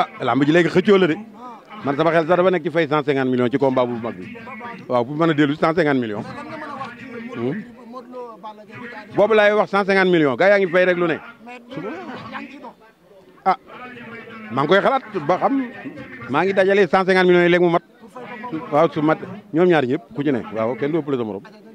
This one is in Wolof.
ah lamb ji léegi xëccoo la de man sama xel sax dafa nekk ci fay 150 millions ci combat bu mag bi waaw bu mën a dellu 150 millions. Hmm? boobu laay wax 150 millions gars yaa ngi fay rek lu ne ah maa ngi koy xalaat ba xam maa ngi dajale 150 millions yi léegi mu mat waaw su mat ñoom ñaar ñëpp ku ci ne waaw kenn du ëppale sa